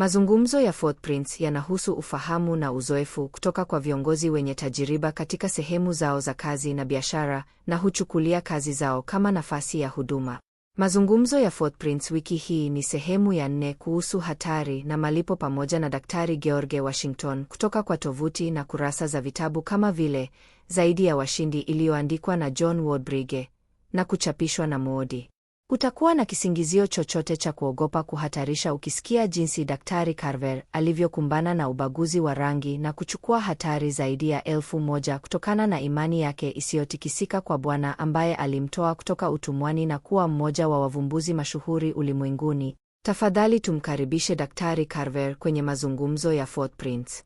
Mazungumzo ya Footprints yanahusu ufahamu na uzoefu kutoka kwa viongozi wenye tajiriba katika sehemu zao za kazi na biashara na huchukulia kazi zao kama nafasi ya huduma. Mazungumzo ya Footprints wiki hii ni sehemu ya nne kuhusu hatari na malipo pamoja na Daktari George Washington kutoka kwa tovuti na kurasa za vitabu kama vile Zaidi ya Washindi iliyoandikwa na John Woodbridge na kuchapishwa na Moody. Utakuwa na kisingizio chochote cha kuogopa kuhatarisha ukisikia jinsi Daktari Carver alivyokumbana na ubaguzi wa rangi na kuchukua hatari zaidi ya elfu moja kutokana na imani yake isiyotikisika kwa Bwana ambaye alimtoa kutoka utumwani na kuwa mmoja wa wavumbuzi mashuhuri ulimwenguni. Tafadhali tumkaribishe Daktari Carver kwenye mazungumzo ya Footprints.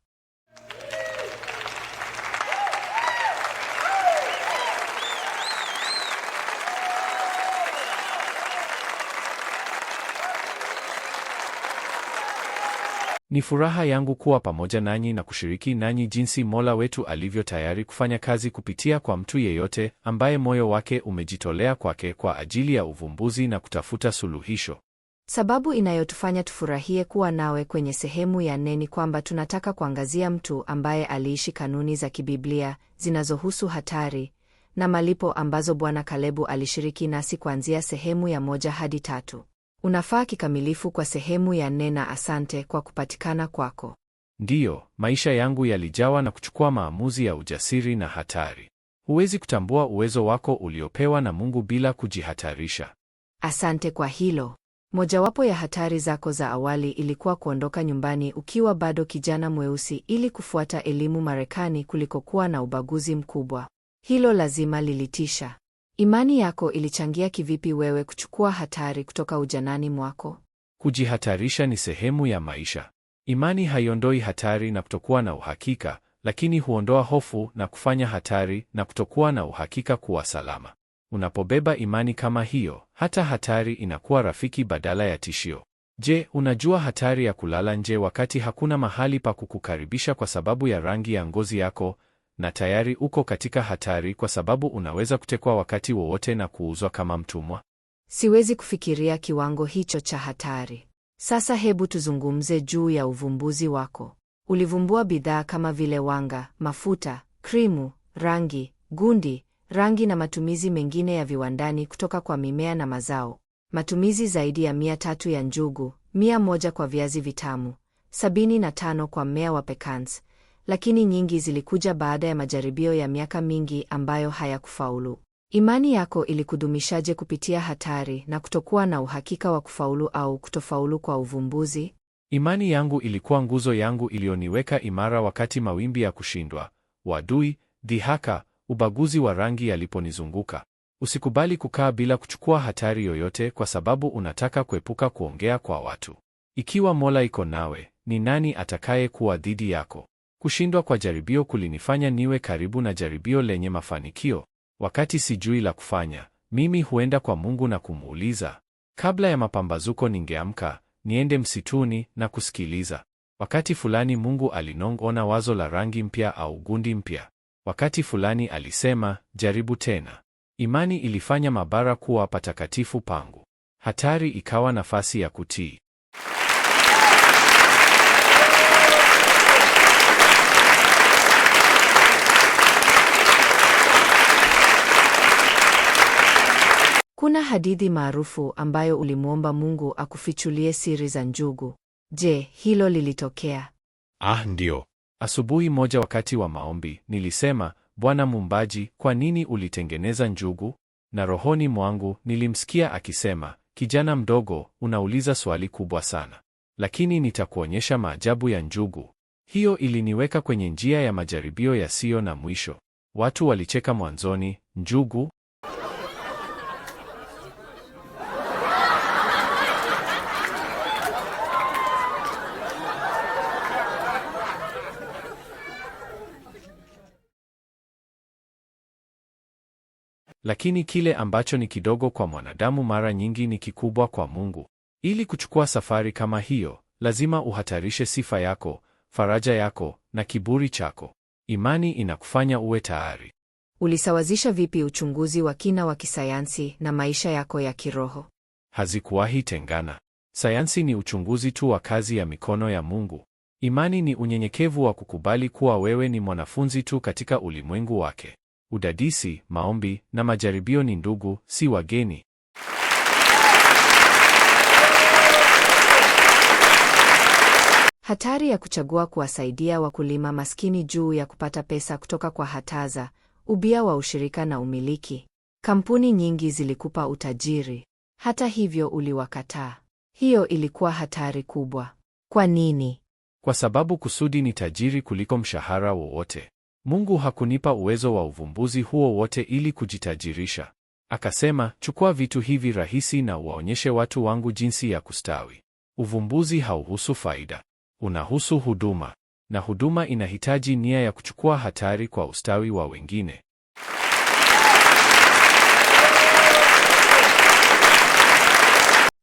Ni furaha yangu kuwa pamoja nanyi na kushiriki nanyi jinsi Mola wetu alivyo tayari kufanya kazi kupitia kwa mtu yeyote ambaye moyo wake umejitolea kwake kwa ajili ya uvumbuzi na kutafuta suluhisho. Sababu inayotufanya tufurahie kuwa nawe kwenye sehemu ya nne ni kwamba tunataka kuangazia mtu ambaye aliishi kanuni za kibiblia zinazohusu hatari na malipo ambazo Bwana Kalebu alishiriki nasi kuanzia sehemu ya moja hadi tatu. Unafaa kikamilifu kwa sehemu ya nena na asante kwa kupatikana kwako. Ndiyo, maisha yangu yalijawa na kuchukua maamuzi ya ujasiri na hatari. Huwezi kutambua uwezo wako uliopewa na Mungu bila kujihatarisha. Asante kwa hilo. Mojawapo ya hatari zako za awali ilikuwa kuondoka nyumbani ukiwa bado kijana mweusi ili kufuata elimu Marekani kulikokuwa na ubaguzi mkubwa. Hilo lazima lilitisha. Imani yako ilichangia kivipi wewe kuchukua hatari kutoka ujanani mwako? Kujihatarisha ni sehemu ya maisha. Imani haiondoi hatari na kutokuwa na uhakika, lakini huondoa hofu na kufanya hatari na kutokuwa na uhakika kuwa salama. Unapobeba imani kama hiyo, hata hatari inakuwa rafiki badala ya tishio. Je, unajua hatari ya kulala nje wakati hakuna mahali pa kukukaribisha kwa sababu ya rangi ya ngozi yako, na tayari uko katika hatari kwa sababu unaweza kutekwa wakati wowote na kuuzwa kama mtumwa. Siwezi kufikiria kiwango hicho cha hatari. Sasa hebu tuzungumze juu ya uvumbuzi wako. Ulivumbua bidhaa kama vile wanga, mafuta, krimu, rangi, gundi, rangi na matumizi mengine ya viwandani kutoka kwa mimea na mazao. Matumizi zaidi ya mia tatu ya njugu, mia moja kwa viazi vitamu, sabini na tano kwa mmea wa pecans, lakini nyingi zilikuja baada ya majaribio ya miaka mingi ambayo hayakufaulu. Imani yako ilikudumishaje kupitia hatari na kutokuwa na uhakika wa kufaulu au kutofaulu kwa uvumbuzi? Imani yangu ilikuwa nguzo yangu iliyoniweka imara wakati mawimbi ya kushindwa, wadui, dhihaka, ubaguzi wa rangi yaliponizunguka. Usikubali kukaa bila kuchukua hatari yoyote kwa sababu unataka kuepuka kuongea kwa watu. Ikiwa Mola iko nawe, ni nani atakaye kuwa dhidi yako? Kushindwa kwa jaribio kulinifanya niwe karibu na jaribio lenye mafanikio. Wakati sijui la kufanya, mimi huenda kwa Mungu na kumuuliza. Kabla ya mapambazuko, ningeamka niende msituni na kusikiliza. Wakati fulani Mungu alinong'ona wazo la rangi mpya au gundi mpya. Wakati fulani alisema, jaribu tena. Imani ilifanya mabara kuwa patakatifu pangu. Hatari ikawa nafasi ya kutii. Kuna hadithi maarufu ambayo ulimwomba Mungu akufichulie siri za njugu. Je, hilo lilitokea? Ah, ndio. Asubuhi moja wakati wa maombi nilisema, Bwana Muumbaji, kwa nini ulitengeneza njugu? Na rohoni mwangu nilimsikia akisema, kijana mdogo, unauliza swali kubwa sana, lakini nitakuonyesha maajabu ya njugu. Hiyo iliniweka kwenye njia ya majaribio yasiyo na mwisho. Watu walicheka mwanzoni, njugu Lakini kile ambacho ni kidogo kwa mwanadamu mara nyingi ni kikubwa kwa Mungu. Ili kuchukua safari kama hiyo, lazima uhatarishe sifa yako, faraja yako na kiburi chako. Imani inakufanya uwe tayari. Ulisawazisha vipi uchunguzi wa kina wa kisayansi na maisha yako ya kiroho? Hazikuwahi tengana. Sayansi ni uchunguzi tu wa kazi ya mikono ya Mungu. Imani ni unyenyekevu wa kukubali kuwa wewe ni mwanafunzi tu katika ulimwengu wake udadisi, maombi na majaribio ni ndugu, si wageni. Hatari ya kuchagua kuwasaidia wakulima maskini juu ya kupata pesa kutoka kwa hataza, ubia wa ushirika na umiliki. Kampuni nyingi zilikupa utajiri, hata hivyo uliwakataa. Hiyo ilikuwa hatari kubwa. Kwa nini? Kwa sababu kusudi ni tajiri kuliko mshahara wowote. Mungu hakunipa uwezo wa uvumbuzi huo wote ili kujitajirisha. Akasema, chukua vitu hivi rahisi na uwaonyeshe watu wangu jinsi ya kustawi. Uvumbuzi hauhusu faida, unahusu huduma, na huduma inahitaji nia ya kuchukua hatari kwa ustawi wa wengine.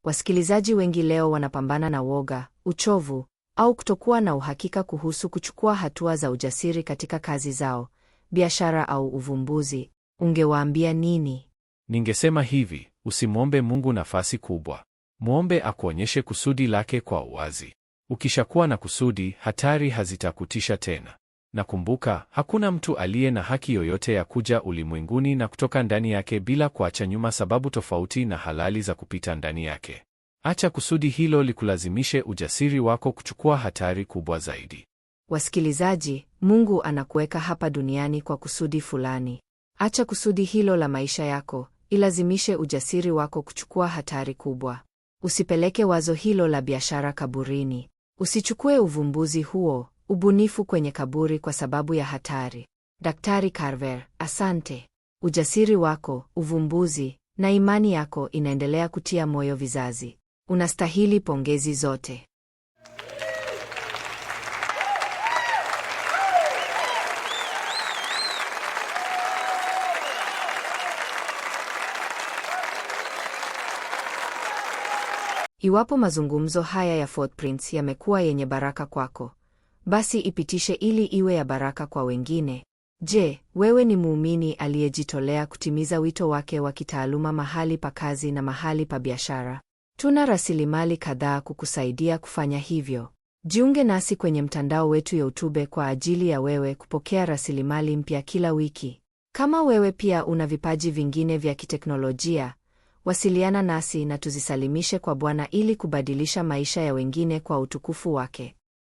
Wasikilizaji wengi leo wanapambana na woga, uchovu au kutokuwa na uhakika kuhusu kuchukua hatua za ujasiri katika kazi zao, biashara au uvumbuzi, ungewaambia nini? Ningesema hivi, usimwombe Mungu nafasi kubwa. Mwombe akuonyeshe kusudi lake kwa uwazi. Ukishakuwa na kusudi, hatari hazitakutisha tena. nakumbuka hakuna mtu aliye na haki yoyote ya kuja ulimwenguni na kutoka ndani yake bila kuacha nyuma sababu tofauti na halali za kupita ndani yake. Acha kusudi hilo likulazimishe ujasiri wako kuchukua hatari kubwa zaidi. Wasikilizaji, Mungu anakuweka hapa duniani kwa kusudi fulani. Acha kusudi hilo la maisha yako ilazimishe ujasiri wako kuchukua hatari kubwa. Usipeleke wazo hilo la biashara kaburini. Usichukue uvumbuzi huo, ubunifu kwenye kaburi kwa sababu ya hatari. Daktari Carver, asante. Ujasiri wako, uvumbuzi na imani yako inaendelea kutia moyo vizazi. Unastahili pongezi zote. Iwapo mazungumzo haya ya Footprints yamekuwa yenye baraka kwako, basi ipitishe ili iwe ya baraka kwa wengine. Je, wewe ni muumini aliyejitolea kutimiza wito wake wa kitaaluma mahali pa kazi na mahali pa biashara? Tuna rasilimali kadhaa kukusaidia kufanya hivyo. Jiunge nasi kwenye mtandao wetu YouTube kwa ajili ya wewe kupokea rasilimali mpya kila wiki. Kama wewe pia una vipaji vingine vya kiteknolojia, wasiliana nasi na tuzisalimishe kwa Bwana ili kubadilisha maisha ya wengine kwa utukufu wake.